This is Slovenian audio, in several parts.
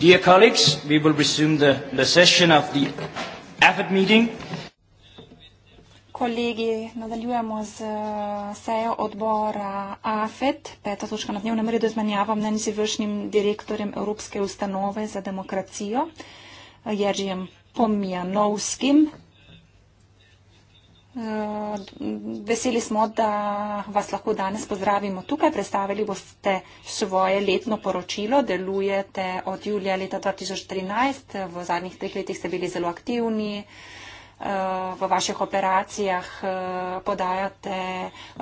Dear colleagues, we will resume the, the session of the AFED meeting. Kolegi, nadaljujemo z eh, sejo odbora AFED. Peta točka na dnevnem redu je zmanjava mnen z vršnim direktorjem Evropske ustanove za demokracijo, eh, Jeržijem Pomijanovskim. Eh, veseli smo, da vas lahko danes pozdravimo tukaj. Predstavili boste svoje letno poročilo. Delujete od julija leta 2013. V zadnjih treh letih ste bili zelo aktivni. Eh, v vaših operacijah eh, podajate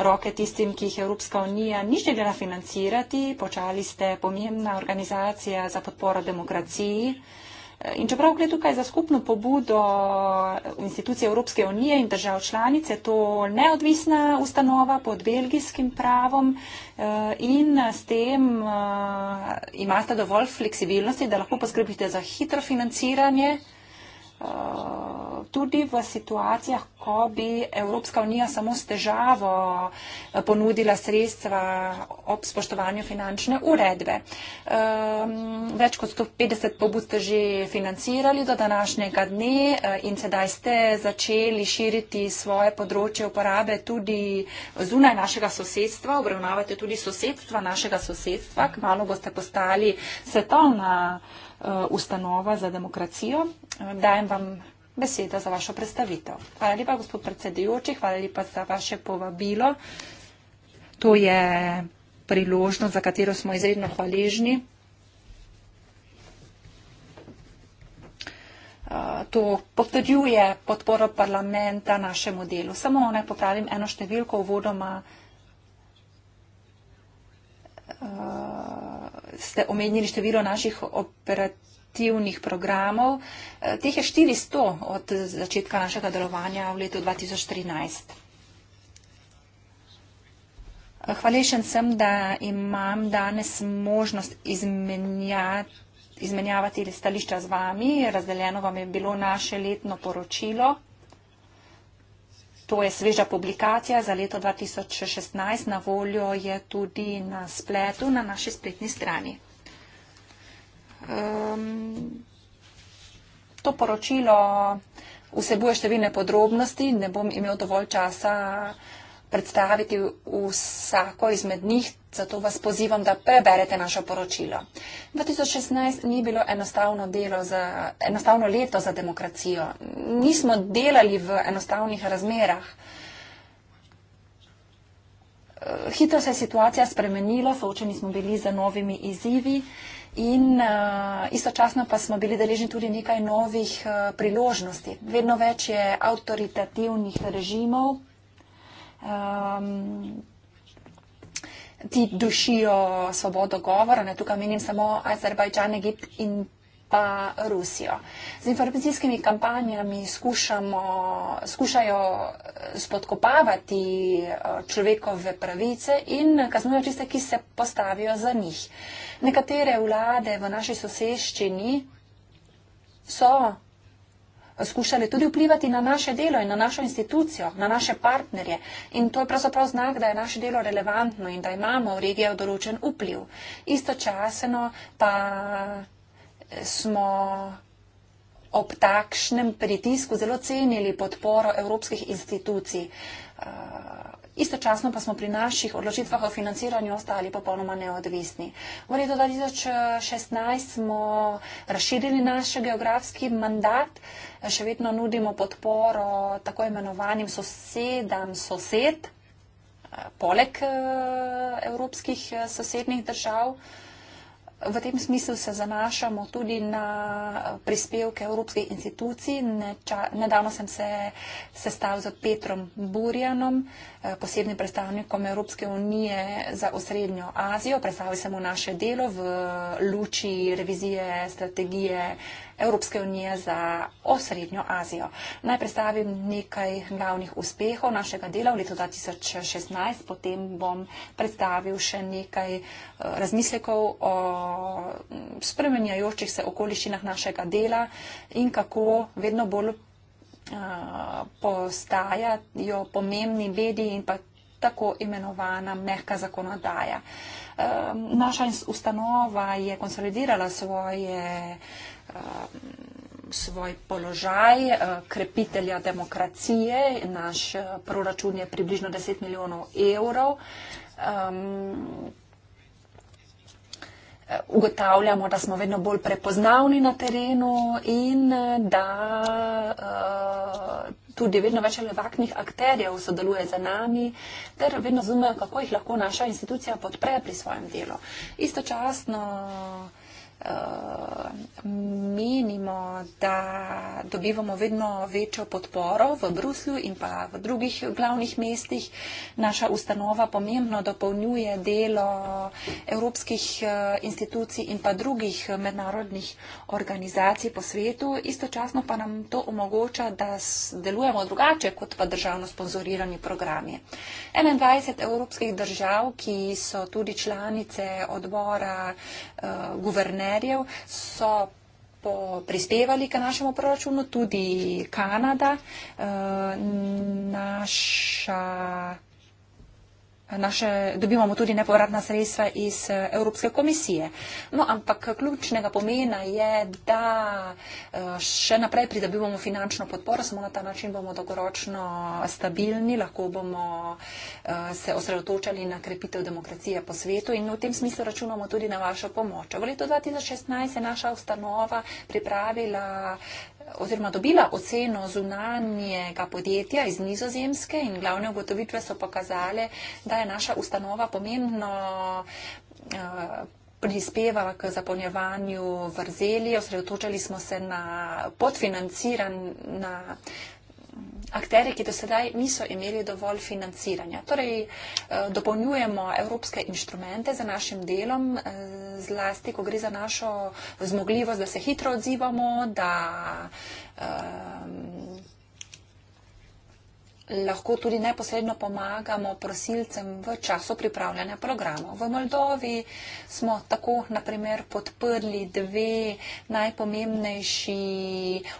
roke tistim, ki jih Evropska unija ni želela financirati. Počali ste pomembna organizacija za podporo demokraciji. In čeprav gre tukaj za skupno pobudo institucije Evropske unije in držav članice, to neodvisna ustanova pod belgijskim pravom eh, in s tem eh, imate dovolj fleksibilnosti, da lahko poskrbite za hitro financiranje Eh, tudi v situacijah, ko bi Evropska unija samo s težavo eh, ponudila sredstva ob spoštovanju finančne uredbe. Ehm, več kot 150 pobud ste že financirali do današnjega dne eh, in sedaj ste začeli širiti svoje področje uporabe tudi zunaj našega sosedstva, obravnavate tudi sosedstva našega sosedstva, kmalo boste postali svetovna ustanova za demokracijo dajem vam besedo za vašo predstavitev. Hvala lepa, gospod predsedujoči, hvala lepa za vaše povabilo. To je priložnost, za katero smo izredno hvaležni. To potrjuje podporo parlamenta našemu delu. Samo naj popravim eno številko uvodoma. Ste omenili število naših operativnih operativnih programov. Eh, teh je 400 od začetka našega delovanja v letu 2013. Eh, Hvalešen sem, da imam danes možnost izmenjati, izmenjavati stališča z vami. Razdeljeno vam je bilo naše letno poročilo. To je sveža publikacija za leto 2016. Na voljo je tudi na spletu na naši spletni strani um, to poročilo vsebuje številne podrobnosti, ne bom imel dovolj časa predstaviti vsako izmed njih, zato vas pozivam, da preberete našo poročilo. 2016 ni bilo enostavno, za, enostavno leto za demokracijo. Nismo delali v enostavnih razmerah. Hitro se je situacija spremenila, soočeni smo bili za novimi izzivi. Uh, in uh, istočasno pa smo bili deležni tudi nekaj novih uh, priložnosti. Vedno več je avtoritativnih režimov, um, ehm, ti dušijo svobodo govora, ne tukaj menim samo Azerbajdžan, Egipt in pa Rusijo. Z informacijskimi kampanjami skušamo, skušajo eh, spodkopavati eh, človekove pravice in kaznujo tiste, ki se postavijo za njih. Nekatere vlade v naši soseščini so skušali tudi vplivati na naše delo in na našo institucijo, na naše partnerje. In to je pravzaprav znak, da je naše delo relevantno in da imamo v regiji določen vpliv. Istočasno pa smo ob takšnem pritisku zelo cenili podporo evropskih institucij. Istočasno pa smo pri naših odločitvah o financiranju ostali popolnoma neodvisni. V letu 2016 smo razširili naš geografski mandat, še vedno nudimo podporo tako imenovanim sosedam sosed, poleg evropskih sosednih držav. V tem smislu se zanašamo tudi na prispevke evropskih institucij. Nedavno sem se sestal z Petrom Burjanom, Eh, posebnim predstavnikom Evropske unije za osrednjo Azijo. Predstavili smo naše delo v luči revizije strategije Evropske unije za osrednjo Azijo. Naj predstavim nekaj glavnih uspehov našega dela v letu 2016, potem bom predstavil še nekaj eh, razmislekov o mm, spremenjajočih se okoliščinah našega dela in kako vedno bolj postajajo pomembni mediji in pa tako imenovana mehka zakonodaja. Naša ustanova je konsolidirala svoje, svoj položaj krepitelja demokracije. Naš proračun je približno 10 milijonov evrov ugotavljamo, da smo vedno bolj prepoznavni na terenu in eh, da uh, tudi vedno več levaknih akterjev sodeluje za nami, ter vedno zumejo, kako jih lahko naša institucija podpre pri svojem delu. Istočasno menimo, da dobivamo vedno večjo podporo v Bruslju in pa v drugih glavnih mestih. Naša ustanova pomembno dopolnjuje delo evropskih eh, institucij in pa drugih mednarodnih organizacij po svetu. Istočasno pa nam to omogoča, da delujemo drugače kot pa državno sponzorirani programi. 21 evropskih držav, ki so tudi članice odbora uh, eh, guverne partnerjev so po, prispevali k našemu proračunu, tudi Kanada. Uh, naša naše, dobivamo tudi nepovratna sredstva iz eh, Evropske komisije. No, ampak ključnega pomena je, da eh, še naprej pridobivamo finančno podporo, samo na ta način bomo dolgoročno stabilni, lahko bomo eh, se osredotočali na krepitev demokracije po svetu in v tem smislu računamo tudi na vašo pomoč. V letu 2016 je naša ustanova pripravila oziroma dobila oceno zunanjega podjetja iz nizozemske in glavne ugotovitve so pokazale, da je naša ustanova pomembno eh, prispevala k zapolnjevanju vrzeli, osredotočali smo se na podfinanciran, na akteri, ki do sedaj niso imeli dovolj financiranja. Torej, eh, dopolnjujemo evropske inštrumente za našim delom, eh, zlasti, ko gre za našo zmogljivost, da se hitro odzivamo, da. Um, lahko tudi neposredno pomagamo prosilcem v času pripravljanja programov. V Moldovi smo tako, naprimer, podprli dve najpomembnejši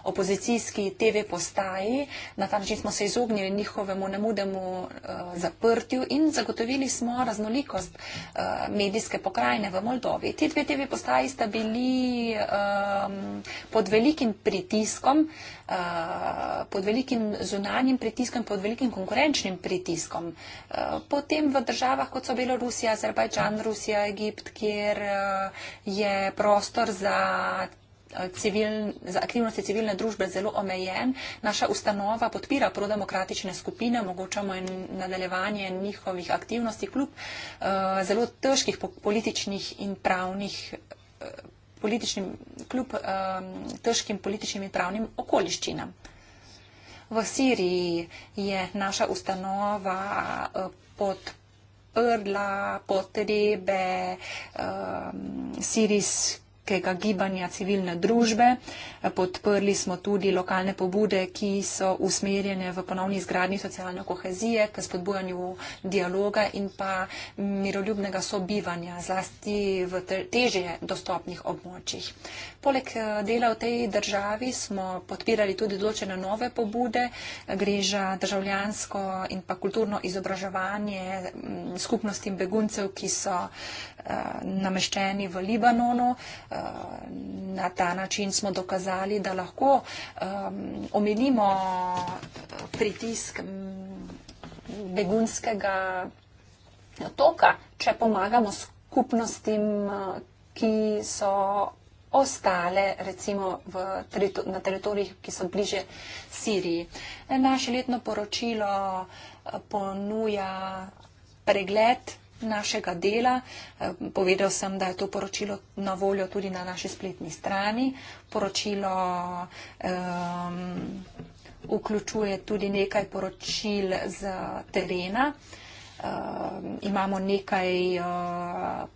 opozicijski TV postaji. Na ta način smo se izognili njihovemu nemudemu uh, zaprtju in zagotovili smo raznolikost uh, medijske pokrajine v Moldovi. Ti dve TV postaji sta bili um, pod velikim pritiskom. Uh, Eh, pod velikim zunanjim pritiskom, pod velikim konkurenčnim pritiskom. Eh, potem v državah, kot so Belorusija, Azerbajdžan, Rusija, Egipt, kjer eh, je prostor za. Civil, za aktivnosti civilne družbe zelo omejen. Naša ustanova podpira prodemokratične skupine, omogočamo in nadaljevanje njihovih aktivnosti, kljub uh, zelo težkih po političnih in pravnih uh, političnim, kljub um, težkim političnim in pravnim okoliščinam. V Siriji je naša ustanova eh, podprla potrebe um, eh, sirijskih tega gibanja civilne družbe. Podprli smo tudi lokalne pobude, ki so usmerjene v ponovni izgradnji socialne kohezije, k spodbujanju dialoga in pa miroljubnega sobivanja, zlasti v teže dostopnih območjih. Poleg eh, dela v tej državi smo podpirali tudi določene nove pobude, gre za državljansko in pa kulturno izobraževanje mm, skupnostim beguncev, ki so eh, nameščeni v Libanonu. Eh, na ta način smo dokazali, da lahko um, omilimo eh, pritisk mm, begunskega toka, če pomagamo skupnostim, eh, ki so ostale recimo v, na teritorijih, ki so bliže Siriji. Naše letno poročilo eh, ponuja pregled našega dela. Eh, povedal sem, da je to poročilo na voljo tudi na naši spletni strani. Poročilo um, vključuje tudi nekaj poročil z terena. Uh, imamo nekaj uh,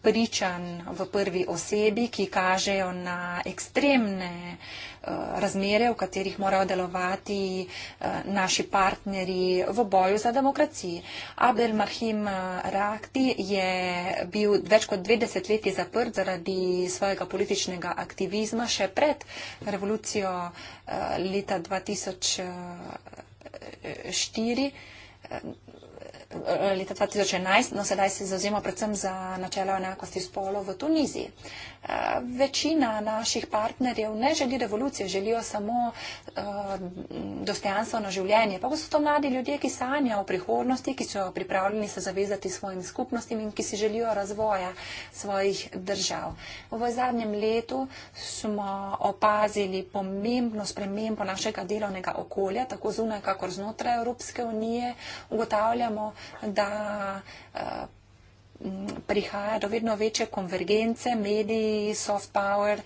pričanj v prvi osebi, ki kažejo na ekstremne uh, Eh, razmere, v katerih morajo delovati eh, naši partnerji v boju za demokraciji. Abdel Mahim eh, Rakti je bil več kot 20 leti zaprt zaradi svojega političnega aktivizma še pred revolucijo leta 2004 leta 2011, no sedaj se zauzema predvsem za načelo enakosti spolo v Tuniziji. Eh, večina naših partnerjev ne želi revolucije, želijo samo eh, dostojanstveno življenje. Pa so to mladi ljudje, ki sanjajo o prihodnosti, ki so pripravljeni se zavezati svojim skupnostim in ki si želijo razvoja svojih držav. V zadnjem letu smo opazili pomembno spremembo našega delovnega okolja, tako zunaj, kakor znotraj Evropske unije. Ugotavljamo, da uh, prihaja do vedno večje konvergence. Mediji, soft power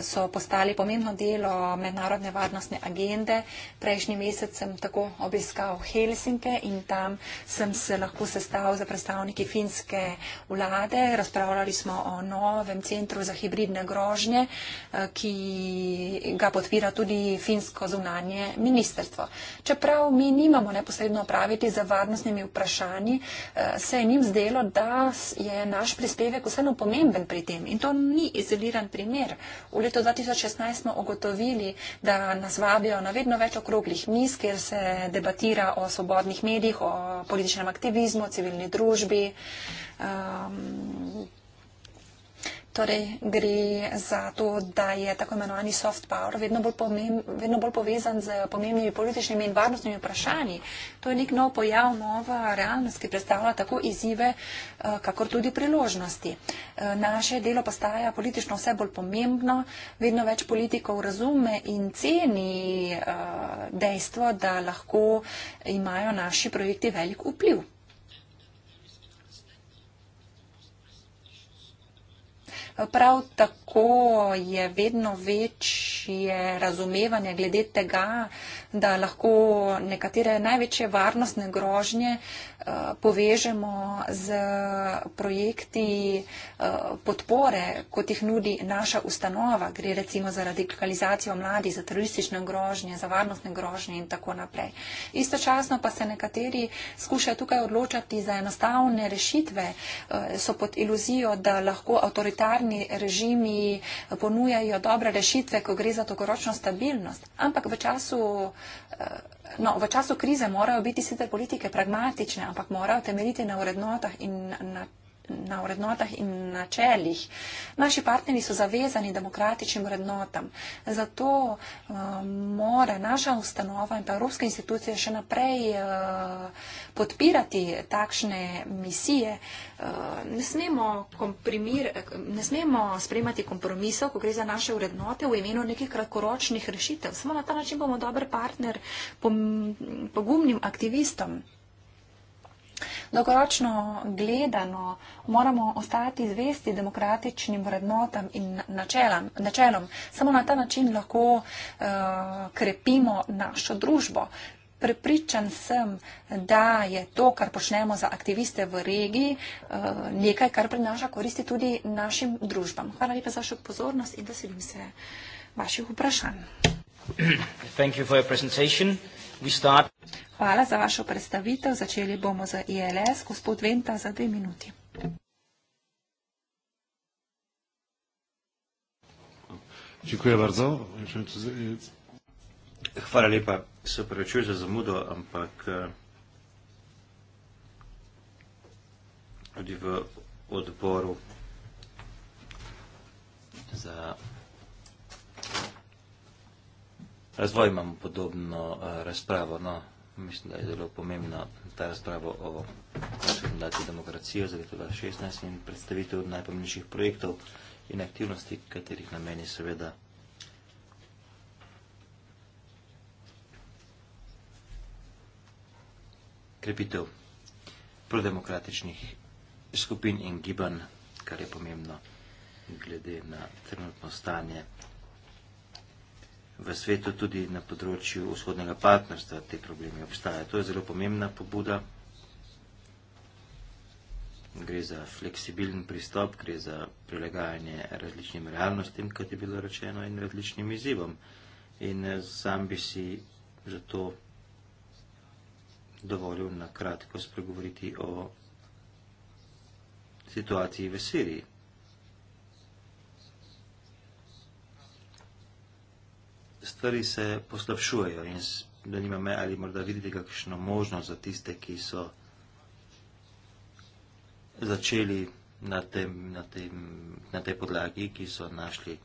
so postali pomembno delo mednarodne varnostne agende. Prejšnji mesec sem tako obiskal Helsinke in tam sem se lahko sestavil za predstavniki finske vlade. Razpravljali smo o novem centru za hibridne grožnje, eh, ki ga podpira tudi finsko zunanje ministrstvo. Čeprav mi nimamo neposredno opraviti z varnostnimi vprašanji, eh, se je njim zdelo, da je naš prispevek vseeno pomemben pri tem in to ni izoliran primer. V letu 2016 smo ugotovili, da nas vabijo na vedno več okroglih miz, kjer se debatira o svobodnih medijih, o političnem aktivizmu, o civilni družbi. Um, Torej, gre za to, da je tako imenovani soft power vedno bolj, pomemb, vedno bolj povezan z pomembnimi političnimi in varnostnimi vprašanji. To je nek nov pojav, nova realnost, ki predstavlja tako izzive, eh, kakor tudi priložnosti. Eh, naše delo postaja politično vse bolj pomembno, vedno več politikov razume in ceni eh, dejstvo, da lahko imajo naši projekti velik vpliv. Prav tako je vedno večje razumevanje glede tega, da lahko nekatere največje varnostne grožnje uh, povežemo z projekti eh, podpore, kot jih nudi naša ustanova. Gre recimo za radikalizacijo mladi, za teroristične grožnje, za varnostne grožnje in tako naprej. Istočasno pa se nekateri skušajo tukaj odločati za enostavne rešitve, eh, so pod iluzijo, da lahko avtoritarni režimi eh, ponujajo dobre rešitve, ko gre za dolgoročno stabilnost. Ampak v času, no, v času krize morajo biti sicer politike pragmatične, ampak morajo temeljiti na vrednotah in na na vrednotah in načeljih. Naši partnerji so zavezani demokratičnim vrednotam. Zato um, mora naša ustanova in pa evropske institucije še naprej uh, podpirati takšne misije. Uh, ne, smemo komprimir, ne smemo sprejmati kompromisov, ko gre za naše vrednote v imenu nekih kratkoročnih rešitev. Samo na ta način bomo dober partner pogumnim aktivistom. Dolgoročno gledano moramo ostati zvesti demokratičnim vrednotam in načelam, načelom. Samo na ta način lahko uh, krepimo našo družbo. Prepričan sem, da je to, kar počnemo za aktiviste v regiji, eh, nekaj, kar prinaša koristi tudi našim družbam. Hvala lepa za vašo pozornost in veselim se vaših vprašanj. Hvala lepa za vašo predstavitev. Start... Hvala za vašo predstavitev. Začeli bomo z ILS. Gospod Venta, za dve minuti. Hvala lepa. Se prevečujem za zamudo, ampak eh, tudi v odboru za razvoj imamo podobno eh, razpravo. No, mislim, da je zelo pomembna ta razprava o kandidati demokracijo za leto 2016 in predstavitev najpomembnejših projektov in aktivnosti, katerih namen je seveda krepitev prodemokratičnih skupin in giban, kar je pomembno glede na trenutno stanje v svetu, tudi na področju vzhodnega partnerstva te problemi obstajajo. To je zelo pomembna pobuda. Gre za fleksibilen pristop, gre za prilagajanje različnim realnostim, kot je bilo rečeno, in različnim izzivom. In eh, sam bi si zato dovolil na kratko spregovoriti o situaciji v Siriji. stvari se poslabšujejo in zanima me, ali morda vidite kakšno možnost za tiste, ki so začeli na, tem, na, tem, na tej podlagi, ki so našli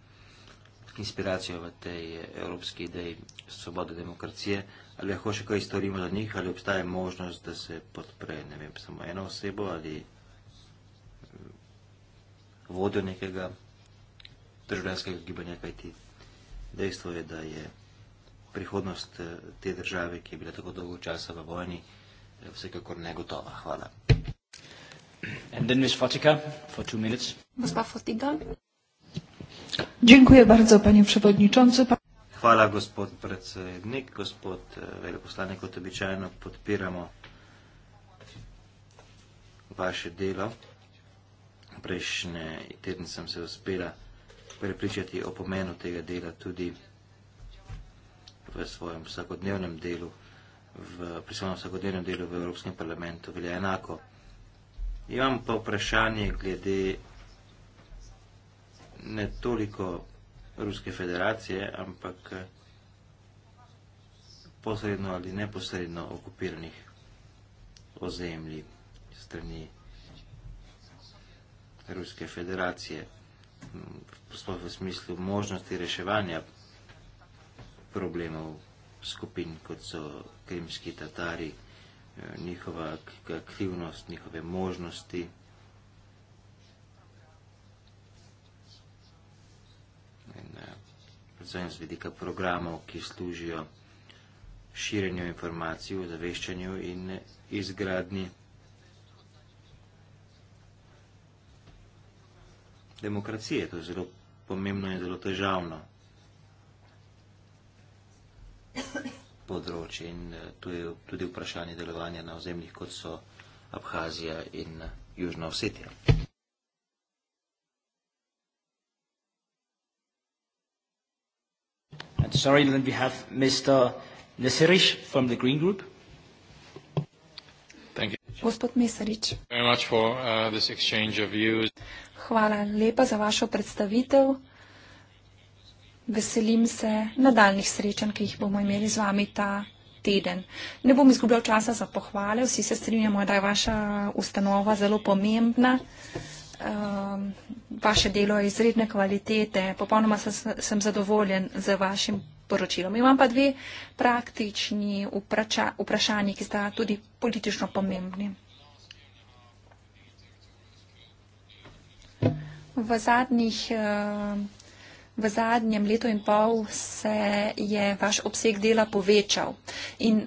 inspiracijo v tej evropski ideji svobode demokracije, ali lahko še kaj storimo za njih, ali obstaja možnost, da se podpre, ne vem, samo eno osebo ali hm, vodjo nekega državljanskega gibanja, kaj ti Dejstvo je, da je prihodnost eh, te države, ki je bila tako dolgo časa v vojni, eh, vsekakor negotova. Hvala. Dziękuję bardzo, panie przewodniczący. Hvala, gospod predsednik, gospod eh, veleposlanik, kot običajno podpiramo vaše delo. Prejšnji teden sem se uspela prepričati o pomenu tega dela tudi v svojem vsakodnevnem delu, v, pri svojem vsakodnevnem delu v Evropskem parlamentu velja enako. Imam pa vprašanje glede ne toliko Ruske federacije, ampak posredno ali neposredno okupiranih ozemlji strani Ruske federacije v smislu možnosti reševanja problemov skupin, kot so krimski tatari, eh, njihova aktivnost, njihove možnosti. In, eh, predvsem z vidika programov, ki služijo širjenju informacij, zaveščanju in izgradnji. demokracije. To je zelo pomembno in zelo težavno področje in eh, tu je tudi vprašanje delovanja na ozemljih, kot so Abhazija in eh, Južna Osetija. Sorry that we have Mr. Nesirish from the Green Group. Gospod Mesarič. Uh, Hvala lepa za vašo predstavitev. Veselim se nadaljnih srečanj, ki jih bomo imeli z vami ta teden. Ne bom izgubljal časa za pohvale, vsi se strinjamo, da je vaša ustanova zelo pomembna um, vaše delo je izredne kvalitete, popolnoma sem, sem zadovoljen z vašim poročilom. Imam pa dve praktični vpraša, vprašanje, ki sta tudi politično pomembni. V, zadnjih, ehm, v zadnjem letu in pol se je vaš obseg dela povečal. In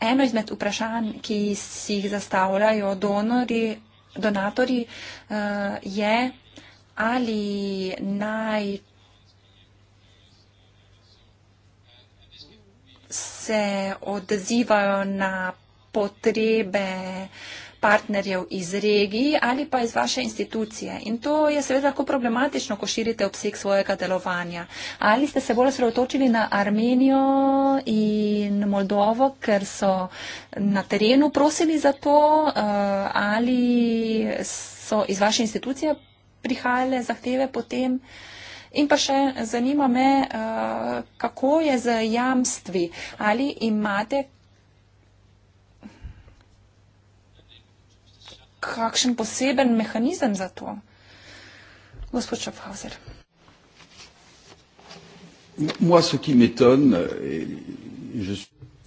eno izmed vprašanj, ki si jih zastavljajo donori, donatorji, uh, je ali naj se odzivajo na potrebe uh, partnerjev iz regiji ali pa iz vaše institucije. In to je seveda lahko problematično, ko širite obseg svojega delovanja. Ali ste se bolj osredotočili na Armenijo in Moldovo, ker so na terenu prosili za to, eh, ali so iz vaše institucije prihajale zahteve potem. In pa še zanima me, eh, kako je z jamstvi. Ali imate kakšen poseben mehanizem za to. Gospod Schaffhauser.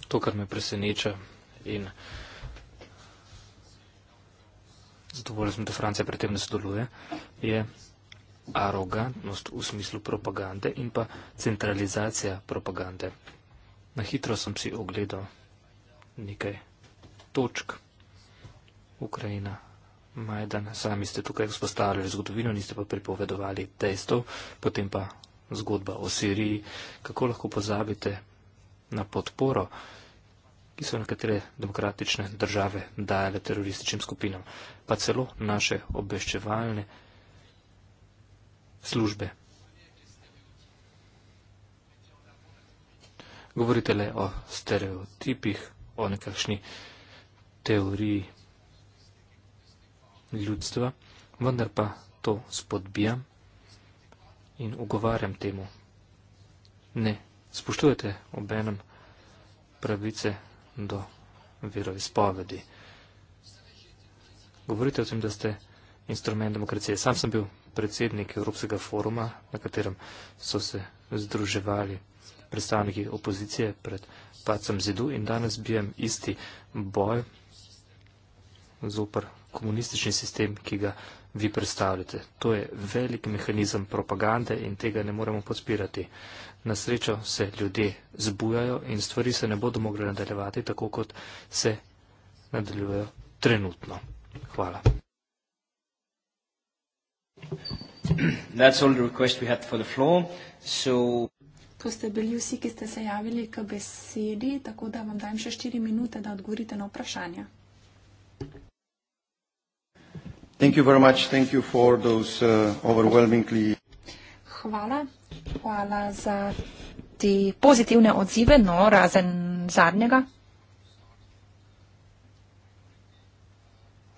To, kar me preseneča in zadovoljno sem, da Francija pri tem ne sodeluje, je arogantnost v smislu propagande in pa centralizacija propagande. Na hitro sem si ogledal nekaj točk. Ukrajina, Majdan, sami ste tukaj vzpostavljali zgodovino, niste pa pripovedovali dejstev, potem pa zgodba o Siriji. Kako lahko pozabite na podporo, ki so nekatere demokratične države dajale terorističnim skupinam, pa celo naše obveščevalne službe? Govorite le o stereotipih, o nekakšni teoriji ljudstva, vendar pa to spodbijam in ugovarjam temu. Ne, spoštujete obenem pravice do veroizpovedi. Govorite o tem, da ste instrument demokracije. Sam sem bil predsednik Evropskega foruma, na katerem so se združevali predstavniki opozicije pred pacem zidu in danes bijem isti boj zoper komunistični sistem, ki ga vi predstavljate. To je velik mehanizem propagande in tega ne moremo podpirati. Na srečo se ljudje zbujajo in stvari se ne bodo mogli nadaljevati tako, kot se nadaljujejo trenutno. Hvala. To ste bili vsi, ki ste se javili k besedi, tako da vam dajem še 4 minute, da odgovorite na vprašanja. Thank you very much. Thank you for those uh, overwhelmingly. Hvala. Hvala za te pozitivne odzive, no razen zadnjega.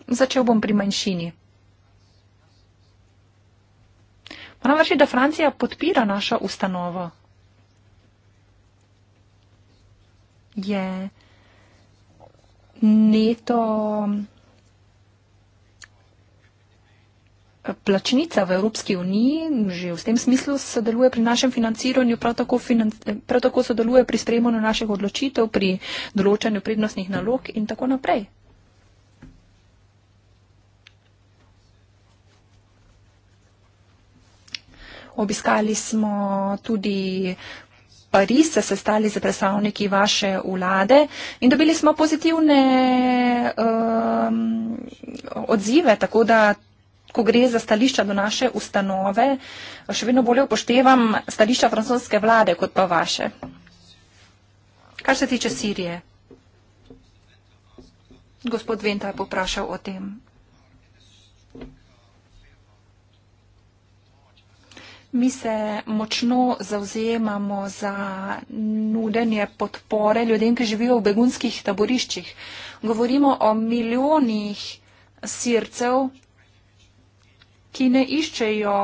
Začel bom pri manjšini. Moram reči, da Francija podpira našo ustanovo. Je neto. plačnica v Evropski uniji že v tem smislu sodeluje pri našem financiranju, prav tako, financ, prav tako sodeluje pri sprejemanju naših odločitev, pri določanju prednostnih nalog in tako naprej. Obiskali smo tudi Pariz, se sestali z predstavniki vaše vlade in dobili smo pozitivne um, odzive, tako da ko gre za stališča do naše ustanove, še vedno bolje upoštevam stališča francoske vlade kot pa vaše. Kar se tiče Sirije, gospod Venta je poprašal o tem. Mi se močno zauzemamo za nudenje podpore ljudem, ki živijo v begunskih taboriščih. Govorimo o milijonih sircev, ki ne iščejo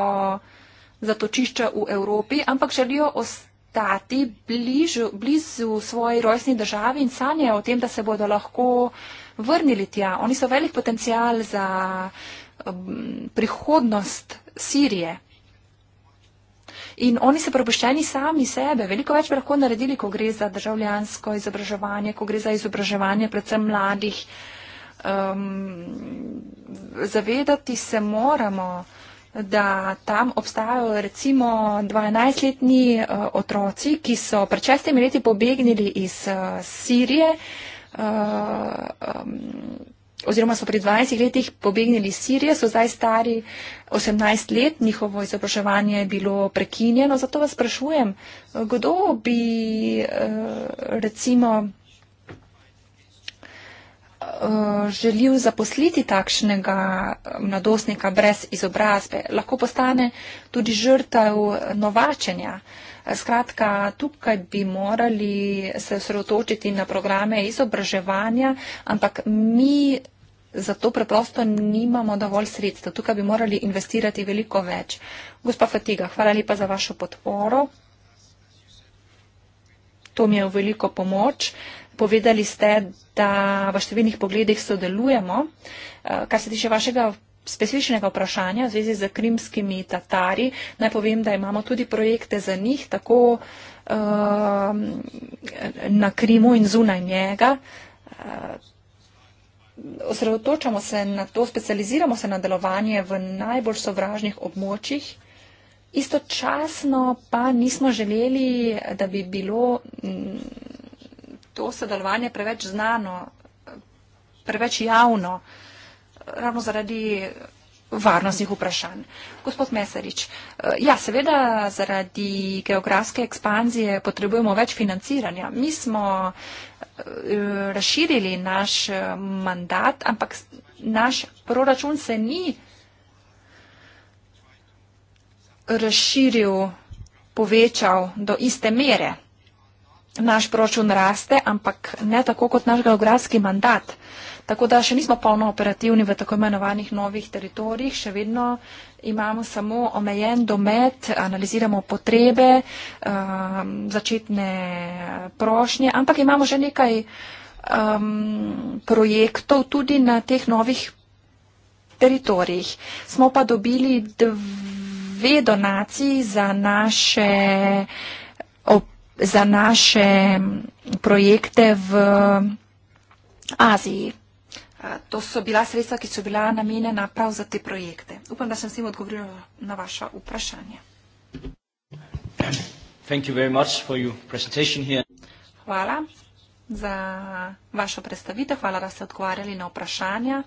zatočišča v Evropi, ampak želijo ostati bližu, blizu svoji rojstni državi in sanjajo o tem, da se bodo lahko vrnili tja. Oni so velik potencial za um, prihodnost Sirije. In oni so prepuščeni sami sebe. Veliko več bi lahko naredili, ko gre za državljansko izobraževanje, ko gre za izobraževanje predvsem mladih. Uh, um, zavedati se moramo, da tam obstajajo recimo 12-letni uh, eh, otroci, ki so pred šestimi leti pobegnili iz uh, Sirije. Uh, um, oziroma so pri 20 letih pobegnili iz Sirije, so zdaj stari 18 let, njihovo izobraževanje je bilo prekinjeno. Zato vas sprašujem, kdo bi recimo Eh, želil zaposliti takšnega eh, mladostnika brez izobrazbe, lahko postane tudi žrtev novačenja. Eh, skratka, tukaj bi morali se osredotočiti na programe izobraževanja, ampak mi zato preprosto nimamo dovolj sredstev. Tukaj bi morali investirati veliko več. Gospa Fatiga, hvala lepa za vašo podporo. To mi je v veliko pomoč. Uh, Povedali ste, da v številnih pogledih sodelujemo. Eh, kar se tiče vašega specifičnega vprašanja v zvezi z krimskimi tatari, naj povem, da imamo tudi projekte za njih, tako eh, na Krimu in zunaj njega. Eh, osredotočamo se na to, specializiramo se na delovanje v najbolj sovražnih območjih. Istočasno pa nismo želeli, da bi bilo to sodelovanje preveč znano, preveč javno, ravno zaradi varnostnih vprašanj. Gospod Meserič, eh, ja, seveda zaradi geografske ekspanzije potrebujemo več financiranja. Mi smo eh, razširili naš eh, mandat, ampak naš proračun se ni razširil, povečal do iste mere naš proračun raste, ampak ne tako kot naš geografski mandat. Tako da še nismo polno operativni v tako imenovanih novih teritorijih, še vedno imamo samo omejen domet, analiziramo potrebe, um, začetne prošnje, ampak imamo že nekaj um, projektov tudi na teh novih teritorijih. Smo pa dobili dve donaciji za naše. Op za naše projekte v Aziji. To so bila sredstva, ki so bila namenjena prav za te projekte. Upam, da sem s tem odgovorila na vaše vprašanje. Hvala za vašo predstavitev, hvala, da ste odgovarjali na vprašanja.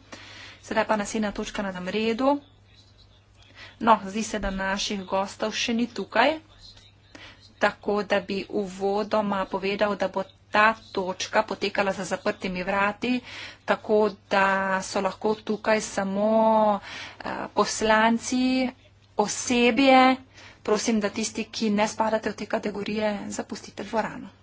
Sedaj pa naslednja točka na tem redu. No, zdi se, da naših gostov še ni tukaj tako, da bi uvodoma povedal, da bo ta točka potekala za zaprtimi vrati, tako da so lahko tukaj samo eh, poslanci, osebje. Prosim, da tisti, ki ne spadate v te kategorije, zapustite dvorano.